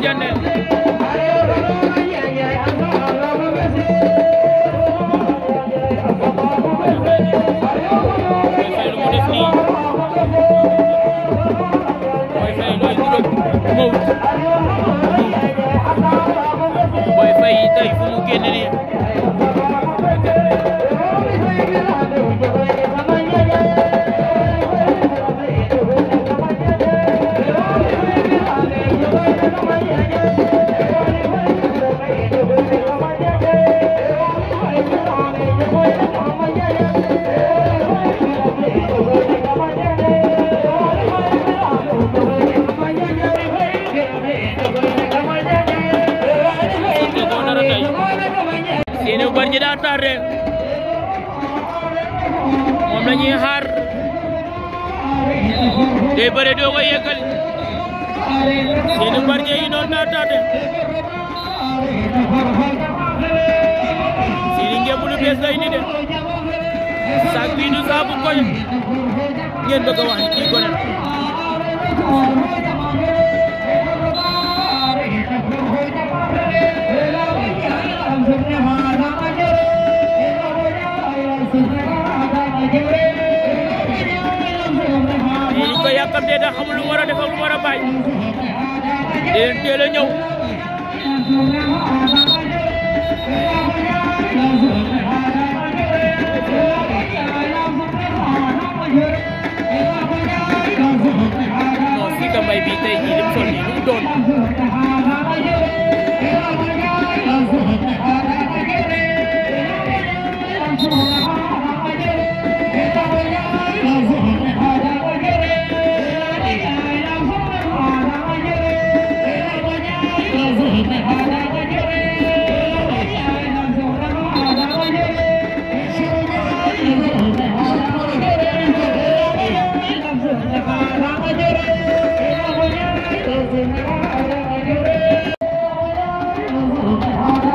Janel. seeni bari ñi daa tardé moom la ñuy xaar day bëre ko yëkkal seeni bari ñi noonu daa tardé seeni ngebu lu bees lay de saak saabu koñ ngeen bëgg a wax ñu ko yàkkamtee da xamul lu war a def ak lu war a bàyyi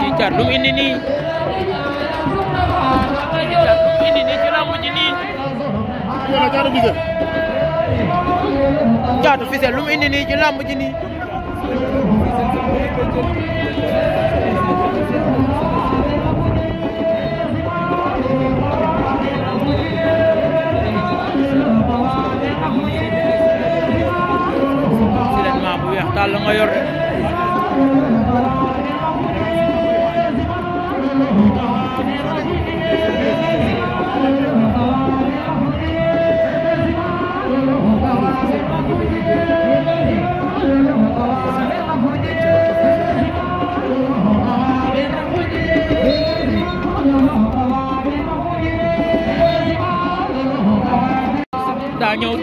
Icar lu ini lu ini nih Cila mu ini Icar lu ini nih Cila mu ini kalau ngayon dañoo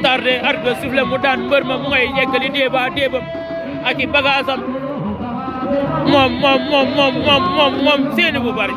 tardé arbitre harga sebelah mu daan mbër ma mu ngay eh, yeggali ak i bagaasam moom moom moom moom moom moom seeni bu bari